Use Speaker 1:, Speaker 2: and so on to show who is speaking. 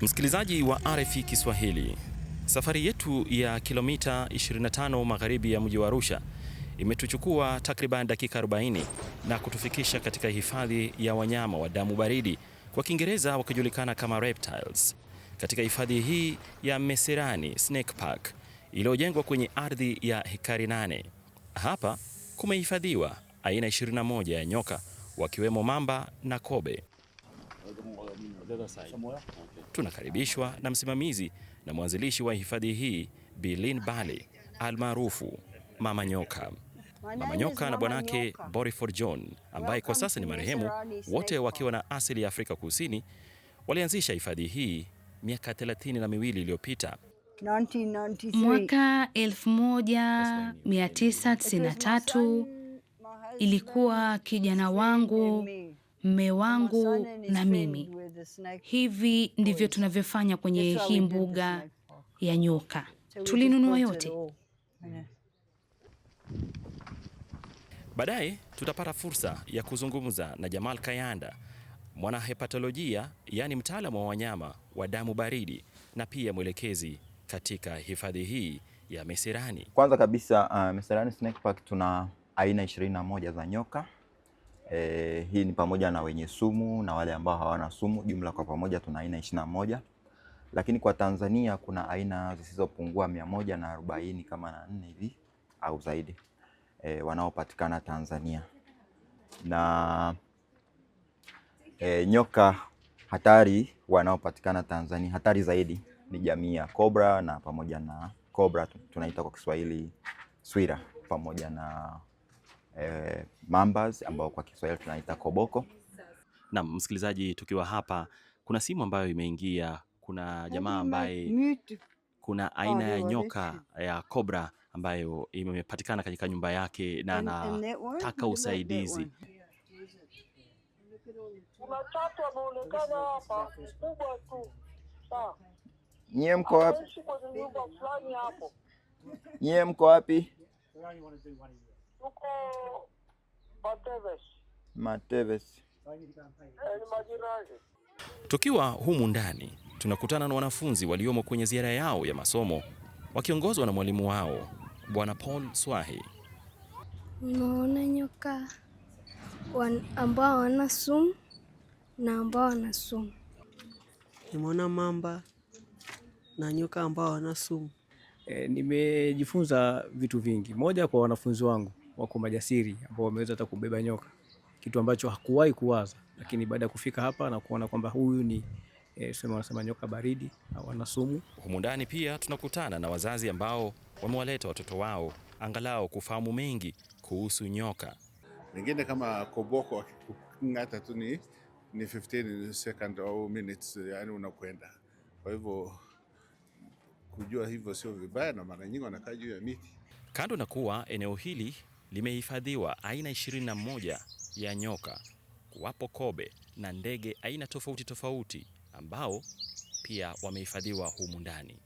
Speaker 1: Msikilizaji wa RFI Kiswahili, safari yetu ya kilomita 25 magharibi ya mji wa Arusha imetuchukua takriban dakika 40 na kutufikisha katika hifadhi ya wanyama wa damu baridi, kwa Kiingereza wakijulikana kama reptiles. Katika hifadhi hii ya Meserani Snake Park iliyojengwa kwenye ardhi ya hekari 8, hapa kumehifadhiwa aina 21 ya nyoka wakiwemo mamba na kobe. Tunakaribishwa na msimamizi na mwanzilishi wa hifadhi hii Bilin Bali almaarufu Mama Nyoka. Mama Nyoka na bwanake Borifor John ambaye kwa sasa ni marehemu, wote wakiwa na asili ya Afrika Kusini, walianzisha hifadhi hii miaka thelathini na miwili iliyopita.
Speaker 2: Mwaka 1993 ilikuwa kijana wangu mme wangu na mimi. Hivi ndivyo tunavyofanya kwenye hii mbuga ya nyoka. Tulinunua yote.
Speaker 1: Baadaye tutapata fursa ya kuzungumza na Jamal Kayanda, mwanahepatolojia, yaani mtaalamu wa wanyama wa damu baridi na pia mwelekezi katika hifadhi hii ya meserani
Speaker 3: Kwanza kabisa, uh, Meserani Snake Park tuna aina 21 za nyoka E, hii ni pamoja na wenye sumu na wale ambao hawana sumu. Jumla kwa pamoja tuna aina ishirini na moja, lakini kwa Tanzania kuna aina zisizopungua mia moja na arobaini kama na nne hivi au zaidi e, wanaopatikana Tanzania na e, nyoka hatari wanaopatikana Tanzania hatari zaidi ni jamii ya kobra na pamoja na kobra tunaita kwa Kiswahili swira pamoja na eh, mambas ambao kwa Kiswahili tunaita koboko.
Speaker 1: Naam, msikilizaji, tukiwa hapa kuna simu ambayo imeingia, kuna jamaa ambaye kuna aina ya nyoka ya kobra ambayo imepatikana katika nyumba yake na anataka usaidizi. Kuna Nyie mko wapi? Nyie mko wapi? Tukiwa humu ndani, tunakutana na wanafunzi waliomo kwenye ziara yao ya masomo wakiongozwa na mwalimu wao Bwana Paul Swahi.
Speaker 4: Unaona nyoka ambao wana sumu na ambao wana sumu.
Speaker 5: Nimeona mamba na nyoka ambao wana sumu.
Speaker 6: E, nimejifunza vitu vingi. Moja kwa wanafunzi wangu wako majasiri ambao wameweza hata kubeba nyoka, kitu ambacho hakuwahi kuwaza, lakini baada ya kufika hapa na kuona kwamba huyu ni eh, sema wanasema nyoka baridi au ana sumu.
Speaker 1: Humu ndani pia tunakutana na wazazi ambao wamewaleta watoto wao angalau kufahamu mengi kuhusu nyoka.
Speaker 7: Wengine kama koboko akikung'ata tu ni, ni 15 second au minutes, yani unakwenda. Kwa hivyo kujua hivyo sio vibaya, na mara nyingi wanakaa juu ya miti.
Speaker 1: Kando na kuwa eneo hili limehifadhiwa aina 21 ya nyoka, wapo kobe na ndege aina tofauti tofauti ambao pia wamehifadhiwa humu ndani.